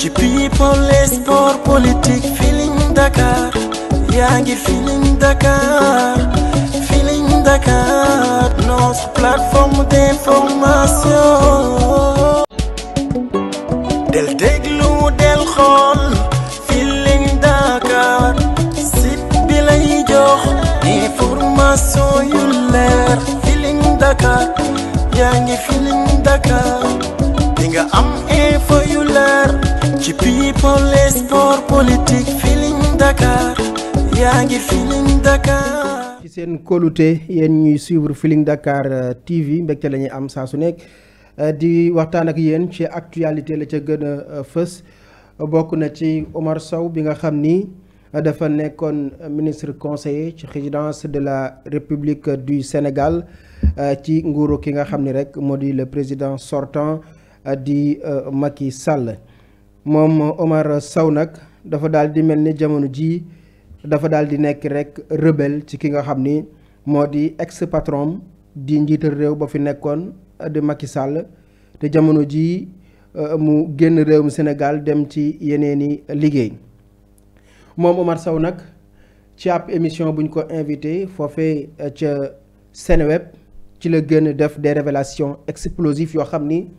ci people et sport politique Dakar yaa ngi Feeling Dakar Feeling Dakar notre plateforme d'information. del déglu del xool Feeling Dakar site bi lay jox information yu leer Feeling Dakar yaa ngi Feeling Dakar di nga am info yu leer. ci people les politique Feeling Dakar yaa ngi Feeling Dakar. ci seen kóolute yéen ñuy suivre Feeling Dakar euh, TV mbégte lañuy am saa su nekk euh, di waxtaan ak yéen ci actualité la ca gën a euh, fës bokk na ci Omar Sow bi nga xam ni. dafa nekkoon ministre conseiller ci présidence de la république du Sénégal ci nguuru ki nga xam ni rek moo di le président sortant di Macky Sall. moom Omar saw nag dafa daal di mel ni jamono jii dafa daal di nekk rek rebelle ci ki nga xam ni moo di ex patron di njiital réew ba fi nekkoon di Macky te jamono jii euh, mu génn réewum Sénégal dem ci yeneeni liggéey moom Omar Sow nag ci ab émission bu ñu ko invité foofee euh, ca Seneweb ci la gën def des révélations explosives yoo xam ni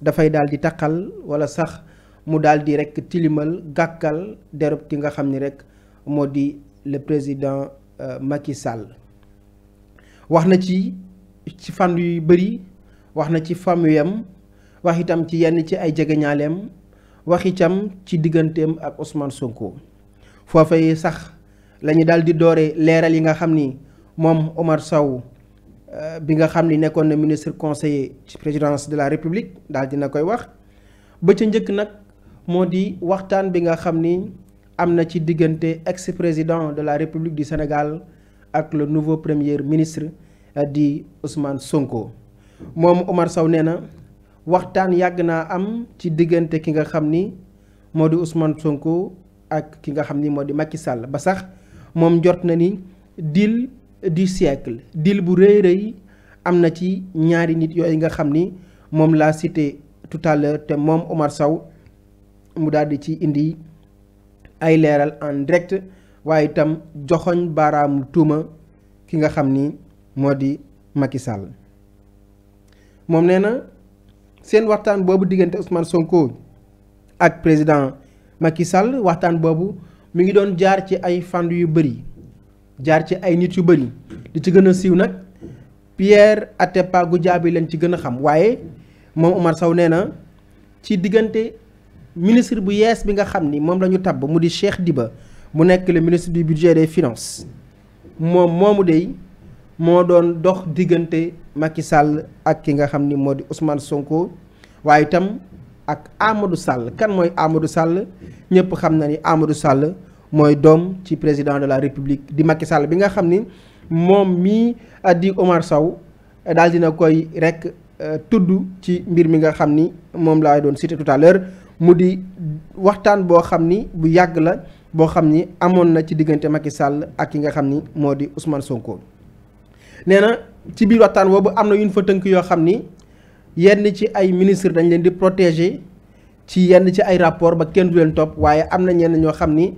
dafay daal di taqal wala sax mu daal di rek tilimal gàkkal derub ki nga xam ni rek moo di le président euh, Macky Sall wax na ci ci fànn yuy bëri wax na ci famuyam wax itam ci yenn ci ay jegeñaaleem wax itam ci digganteem ak Ousmane Sonko foofay sax la ñu daal di doore leeral yi nga xam ni moom Omar Sow euh, bi nga xam ni nekkoon na ministre conseiller ci présidence de la République daal dina koy wax ba njëkk nag moo di waxtaan bi nga xam ni am na ci diggante ex président de la république du Sénégal ak le nouveau première ministre euh, di Ousmane Sonko moom Omar saw nee na waxtaan yàgg naa am ci diggante ki nga xam ni moo di Ousmane Sonko ak ki nga xam ni moo di Macky sàll ba sax moom jot na ni deal du siècle deal bu rëy rëy am na ci ñaari nit yooyu nga xam ni moom laa cité tout à l'heure te moom Omar saw mu daal di ci indi ay leeral en direct waaye itam joxoñ baaraamu tuuma ki nga xam ni moo di Macky Sall moom nee na seen waxtaan boobu diggante Ousmane Sonko ak président Macky Sall waxtaan boobu mu ngi doon jaar ci ay fànn yu bëri jaar ci ay nit yu bëri di ci gën a siiw nag Pierre Atepa Goudiaby lañ ci gën a xam waaye moom Omar Sow nee na ci diggante ministre bu yees bi nga xam ni moom la tab tabb mu di di ba mu nekk le ministre du budget des finances moom moomu dey moo doon dox diggante Macky Sall ak ki nga xam ni moo di Ousmane Sonko waaye itam ak Amadou Sall kan mooy Amadou Sall ñëpp xam na ni Amadou Sall mooy doom ci président de la République di Macky Sall bi nga xam ni moom mii euh, di Omar Sow daal dina koy rek euh, tudd ci mbir mi nga xam ni moom laay doon cité tout mu di waxtaan boo xam ni bu yàgg la boo xam ni amoon na ci diggante Macky sàll ak yi nga xam ni moo di Ousmane Sonko. nee na ci biir waxtaan boobu am na yu ñu fa tënk yoo xam ni yenn ci ay ministre dañ leen di protéger ci yenn ci ay rapport ba kenn du leen topp waaye am na ñenn ñoo xam ni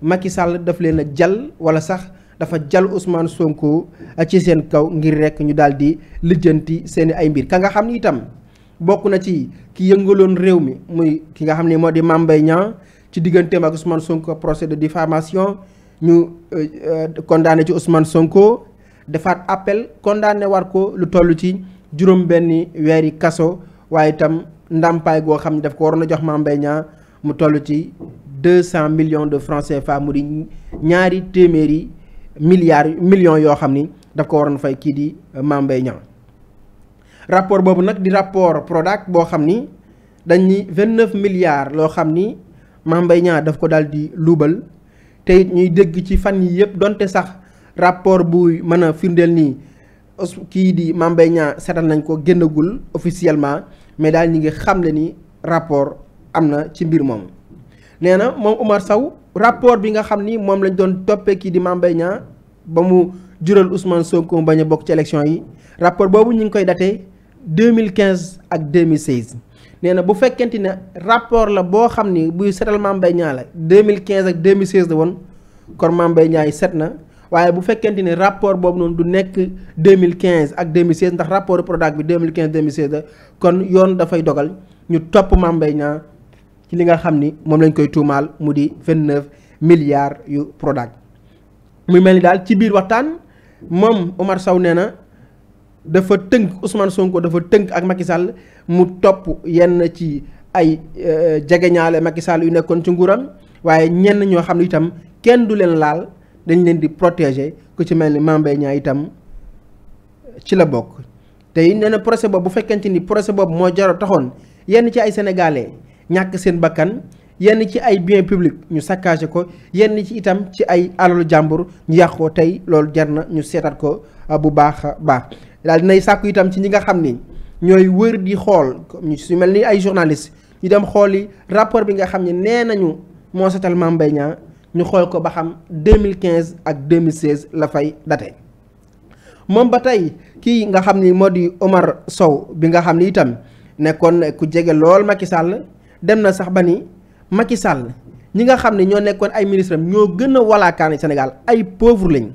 Macky sàll daf leen a jal wala sax. dafa jal Ousmane Sonko ci seen kaw ngir rekk ñu daal di lijjanti seeni ay mbir ka nga xam ni itam bokk na ci ki yëngaloon réew mi muy ki nga xam ni moo di Mame Mbaye ci digganteem ak Ousmane Sonko procès de diffamation ñu euh, euh, condamné ci Ousmane Sonko defaat appel condamné war ko lu toll ci juróom benni weeri kaso waaye itam ndàmpaay goo xam ne daf ko waroon a jox Mame Mbaye mu toll ci deux cent millions de francs CFA mu di ñaari téeméeri milliards millions yoo xam ni daf ko waroon fay kii di Mame Mbaye rapport boobu nag di rapport Prodac boo xam ni dañ ni vingt neuf milliards loo xam ni Mame Mbaye Niang ko daal di luubal te it ñuy dégg ci fan yi yëpp donte sax rapport buy mën a firndeel nii kii di Mame Mbaye nañ ko génnagul officiellement mais daal ñi ngi xamle ni rapport am na ci mbir moomu nee na moom Omar Sow rapport bi nga xam ni moom lañ doon toppee kii di Mame ba mu jural Ousmane Sonko bañ a bokk ci élection yi rapport boobu ñu ngi koy daté 2015 ak 2016 nee na bu fekkente ne rapport la boo xam ni buy setal Mame Mbaye Niang la 2015 ak 2016 la woon kon Mame Mbaye Niang set na waaye bu fekkente ne rapport boobu noonu du nekk 2015 ak 2016 ndax rapport Prodac bi 2015 2016 la kon yoon dafay dogal ñu topp Mame Mbaye ci li nga xam ni moom lañ koy tuumaal mu di 29 milliards yu Prodac mu mel ni daal ci biir waxtaan moom Omar Sow nee na. dafa tënk Ousmane Sonko dafa tënk ak Macky Sall mu topp yenn ci ay euh, jegeñaale Macky Sall yu nekkoon ci nguuram waaye ñenn ñoo xam ne itam kenn du leen laal dañ leen di protéger ku ci mel ni Mame Mbaye Niang itam ci la bokk. te nee na procès boobu bu fekkente ni procès boobu moo jaro taxoon yenn ci ay sénégalais ñàkk seen bakkan yenn ci ay bien public ñu saccagé ko yenn ci itam ci ay alalu jàmbur ñu yàq ko tey loolu jar na ñu seetaat ko euh, bu baax a baax. daal dinay sàkku itam ci ñi nga xam ni ñooy wër di xool su mel ni ay journaliste ñu dem xooli rapport bi nga xam ne nee nañu moo setal Mame Mbaye ñu xool ko ba xam 2015 ak 2016 la fay date moom ba tey kii nga xam ni moo di Omar Sow bi nga xam ni itam nekkoon ku jege lool Macky Sall dem na sax ba ni Macky Sall ñi nga xam ne ñoo nekkoon ay ministre am ñoo gën a walaakaan Sénégal ay pauvre lañ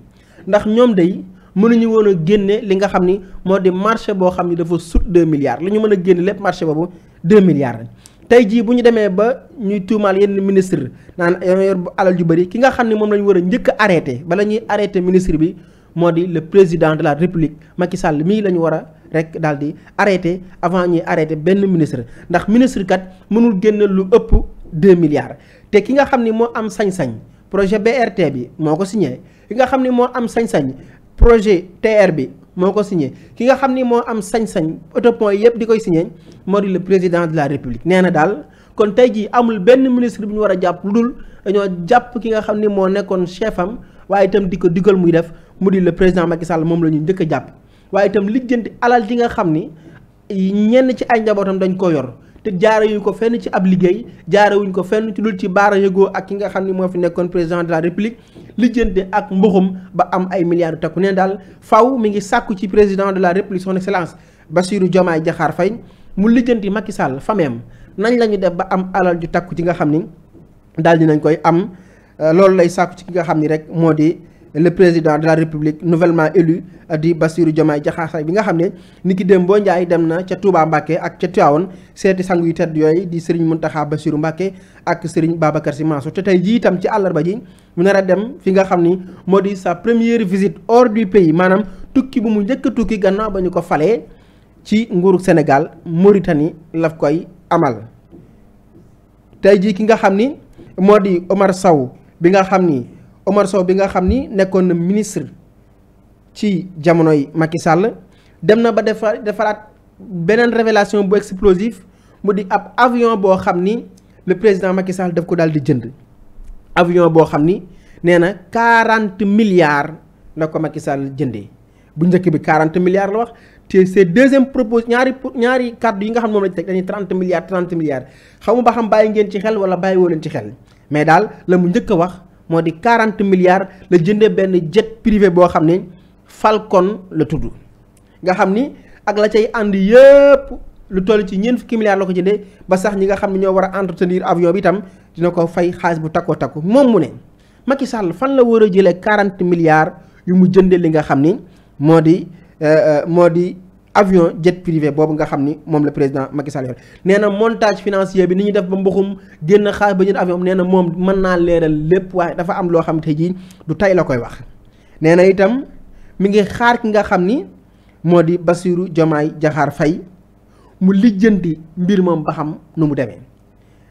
ndax ñoom day mënuñu woon a génne li nga xam ni moo di marché boo xam ni dafa sut deux milliards li ñu mën a génne lépp marché boobu 2 milliards tey jii bu ñu demee ba ñuy tuumaal yenn ministre naan yoon yor alal ju bëri ki nga xam ne moom la ñu war a njëkk a arrêté bala ñuy arrêté ministre bi moo di le président de la république Macky Sall mii la ñu war a rek daal di arrêté avant ñuy arrêté benn ministre ndax ministre kat mënul génn lu ëpp 2 milliards te ki nga xam ni moo am sañ-sañ projet BRT bi moo ko signé ki nga xam ni moo am sañ-sañ projet TR bi moo ko signé ki nga xam ni moo am sañ-sañ autopont yëpp di koy signé moo di le président de la république nee na daal kon tey jii amul benn ministre bu ñu war a jàpp lu dul dañoo jàpp ki nga xam ni moo nekkoon chef am waaye itam di ko digal muy def mu di le président Macky Sall moom la ñu njëkk a jàpp waaye itam lijjanti alal ji nga xam ni ñenn ci ay njabootam dañ ko yor. te jaarewuñ ko fenn ci ab liggéey jaarewuñ ko fenn ci dul ci baara yëgoo ak ki nga xam ni moo fi nekkoon président de la république lijjante ak mbuxum ba am ay milliards takku nee daal faw mi ngi sàkku ci président de la république son excellence Bassirou Diomaye Diakhar fay mu lijjanti Macky Sall fameem nañ la ñu def ba am alal ju takku ci nga xam ni daal dinañ koy am euh, loolu lay sàkku ci ki nga xam ni rek moo di le président de la république nouvellement élu di Bassirou Diomaye Diakhar bi nga xam ne ni ki dem boo Ndiaye dem na ca Touba Mbacké ak ca Tivaouane seeti sangu yu tedd yooyu di Serigne Mountakha Bassirou Mbacké ak Serigne Babacar Sy Mansour te tey jii itam ci àllarba ji mu nar a dem fi nga xam ni moo di sa première visite hors du pays maanaam tukki bu mu njëkk tukki gannaaw ba ñu ko falee ci nguuru Sénégal Mauritanie laf koy amal tey jii ki nga xam ni moo di Omar Sow bi nga xam ni. Omar Sow bi nga xam ni nekkoon na ministre ci jamonoy Macky Sall dem na ba defar defaraat beneen révélation bu explosive mu di ab avion boo xam ni le président Macky Sall daf ko daal di jënd avion boo xam ni nee na quarante milliards la ko Macky Sall jëndee bu njëkk bi quarante milliards la wax te c'est deuxième propos ñaari ñaari kàddu yi nga xam moom lañ teg dañuy trente milliards trente milliards xamu ba xam bàyyi ngeen ci xel wala bàyyi woo leen ci xel mais daal la mu njëkk a wax moo di 40 milliards la jëndee benn jet privé boo xam ne Falcon la tudd nga xam ni ak la cay ànd yëpp lu toll ci ñeent fukki milliards la ko jëndee ba sax ñi nga xam ne ñoo war a entretenir avion bi itam dina ko fay xaalis bu takkoo takku moom mu ne Macky sàll fan la war a jëlee 40 milliards yu mu jëndee li nga xam ni moo di euh, euh, moo di. avion jet privé boobu nga xam ni moom la président Macky Sall yor na montage financier bi ni ñuy def ba mbuxum génn xaalis ba jënd avion nee na moom mën naa leeral lépp waaye dafa am loo xam te ji du tey la koy wax. nee na itam mi ngi xaar ki nga xam ni moo di Bassirou Diomaye Diakhar Faye mu lijjanti mbir moom ba xam nu mu demee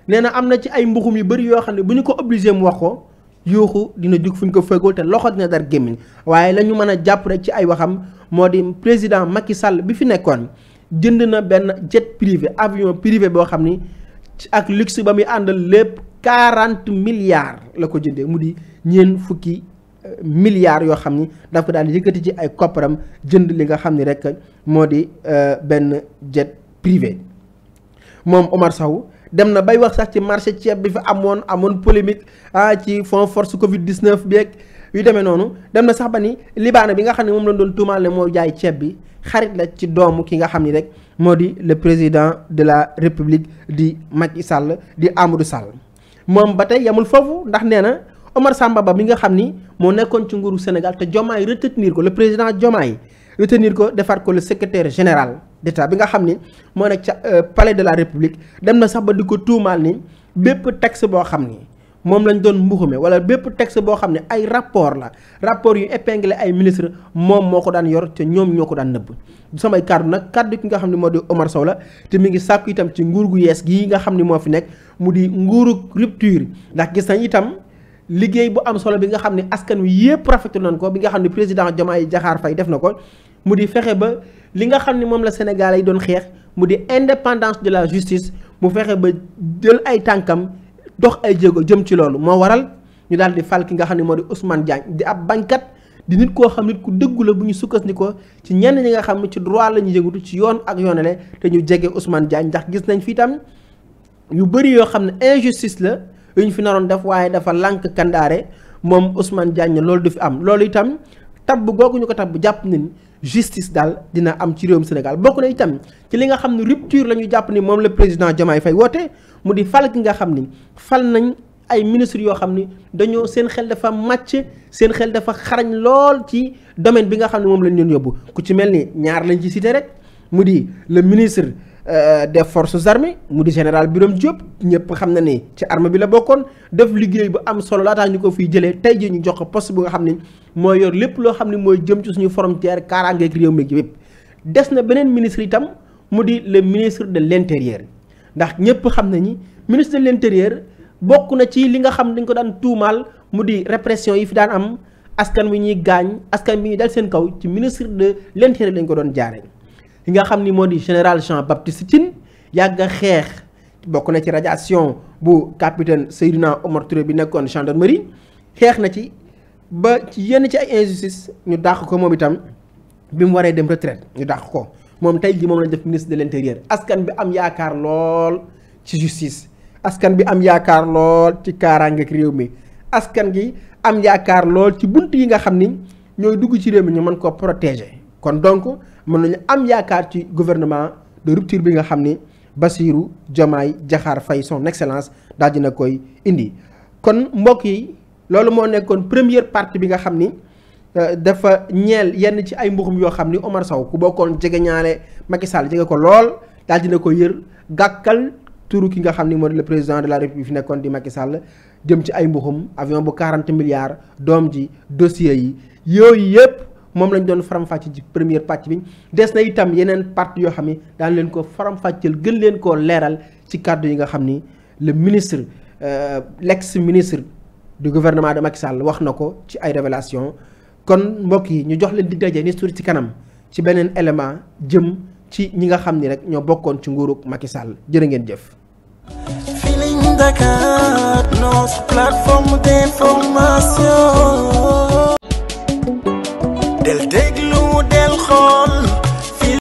nee na am na ci ay mbuxum yu bëri yoo xam ne bu ñu ko obligé mu wax ko. yuuxu dina jug fu ñu ko fegoo te loxo dina dar gémmiñ waaye lañu ñu mën a jàpp rek ci ay waxam moo di président makki Sall bi fi nekkoon jënd na benn jet privé avion privé boo xam ni ci ak luxe ba muy àndal lépp quarante milliards la ko jëndee mu di ñeen fukki euh, milliards yoo xam ni daf daal yëkkati ci ay kopparam jënd li nga xam ni rek moo di euh, benn jet privé moom Omar Sow dem na bay wax sax ci marché ceeb bi fi amoon amoon polémique ah ci fond force Covid 19 beeg yu demee noonu dem na sax ba ni libaana bi nga xam ne moom lañ doon tuumaal ne moo jaay ceeb bi xarit la ci doomu ki nga xam ni rek moo di le président de la république di Macky Sall di Amadou Sall moom ba tey yamul foofu ndax nee na Omar Samba Ba mi nga xam ni moo nekkoon ci nguuru Sénégal te Diomaye retenir ko le président Diomaye retenir ko defar ko le secrétaire général. d'état bi nga xam ni moo nekk ca euh, palais de la république dem na sax ba di ko tuumaal ni bépp texte boo xam ni moom lañ doon mbuxume wala bépp texte boo xam ne ay rapport la rapport yu épinglé ay ministre moom moo ko daan yor te ñoom ñoo ko daan nëbb du samay kàddu nag kàddu ki nga xam ne moo di Omar Sow te mi ngi sàkku itam ci nguur gu yees gii nga xam ni moo fi nekk mu di nguuru rupture ndax gis nañ itam liggéey bu am solo bi nga xam ne askan wi yëpp rafetlu nañ ko bi nga xam ne président Diomaye Diakhar Faye def na ko mu di fexe ba li nga xam ne moom la Sénégal yi doon xeex mu di indépendance de la justice mu fexe ba jël ay tànkam dox ay jéego jëm ci loolu moo waral ñu daal di fal ki nga xam ne moo di Ousmane Diagne di ab bañkat di nit koo xam nit ku dëggu la bu ñu sukkandikoo ci ñenn ñi nga xam ci droit la ñu yëngatu ci yoon ak yoonale te ñu jege Ousmane Diagne ndax gis nañ fi itam yu bëri yoo xam ne injustice la yu ñu fi naroon def waaye dafa lànk kandaare moom Ousmane Diagne loolu du fi am loolu itam tabb googu ñu ko tabb jàpp nañ justice daal dina am ci réewum Sénégal bokk na itam ci li nga xam ne rupture la ñu jàpp ni moom la président Diomaye fay woote mu di fal ki nga xam ni fal nañ ay ministres yoo xam ni dañoo seen xel dafa màcc seen xel dafa xarañ lool ci domaine bi nga xam ne moom lañ leen yóbbu ku ci mel ni ñaar lañ ci cité rek mu di le ministre Euh, def forces armées mu di général Birame Diop ñëpp xam na ni ci arme bi la bokkoon def liggéey bu am solo laataa ñu ko fiy jëlee tey jii ñu jox ko poste bu nga xam ni mooy yor lépp loo xam ni mooy jëm ci suñu frontière kaaraangeeg réew mi yëpp des na beneen ministre itam mu di le ministre de l' ndax ñëpp xam nañu ministre de l' bokk na ci li nga xam dañ ko daan tuumaal mu di répression yi fi daan am askan wi ñuy gaañ askan wi ñuy dal seen kaw ci ministre de lañ ko doon jaaree. ki nga xam ni moo di général Jean Baptiste Tine yàgg xeex bokk na ci radiation bu capitaine Seydina Omar Touré bi nekkoon gendarmerie xeex na ci ba ci yenn ci ay injustice ñu dàq ko moom itam bi mu waree dem retraite ñu dàq ko moom tey ji moom la def ministre de l'intérieur askan bi am yaakaar lool ci justice askan bi am yaakaar lool ci kaaraangeeg réew mi askan gi am yaakaar lool ci bunt yi nga xam ni ñooy dugg ci réew mi ñu mën ko protéger kon donc mën nañu am yaakaar ci gouvernement de rupture bi nga xam ni Bassirou Diomaye Diakhar Faye son excellence daal dina koy indi kon mbokk yi loolu moo nekkoon première partie bi nga xam ni euh, dafa ñeel yenn ci ay mbuxum yoo xam ni Omar saw ku bokkoon jege ñaale Macky Sall jege ko lool daal dina ko yër gàkkal turu ki nga xam ni moo di la président de la république fi nekkoon di Macky Sall jëm ci ay mbuxum avion bu 40 milliards doom ji dossier yi yooyu yëpp. moom lañ doon faram-fàcce ci première pàcc bi des na itam yeneen parties yoo xam ne daan leen ko faram-fàcceel gën leen koo leeral ci kàddu yi nga xam ni le ministre euh, l'ex ministre du gouvernement de Macky Sall wax na ko ci ay révélation kon mbokk yi ñu jox leen di daje ni suur ci kanam ci beneen élément jëm ci ñi nga xam ni rek ñoo bokkoon ci nguurug Macky Sall jërë ngeen jëf. del déglu del xool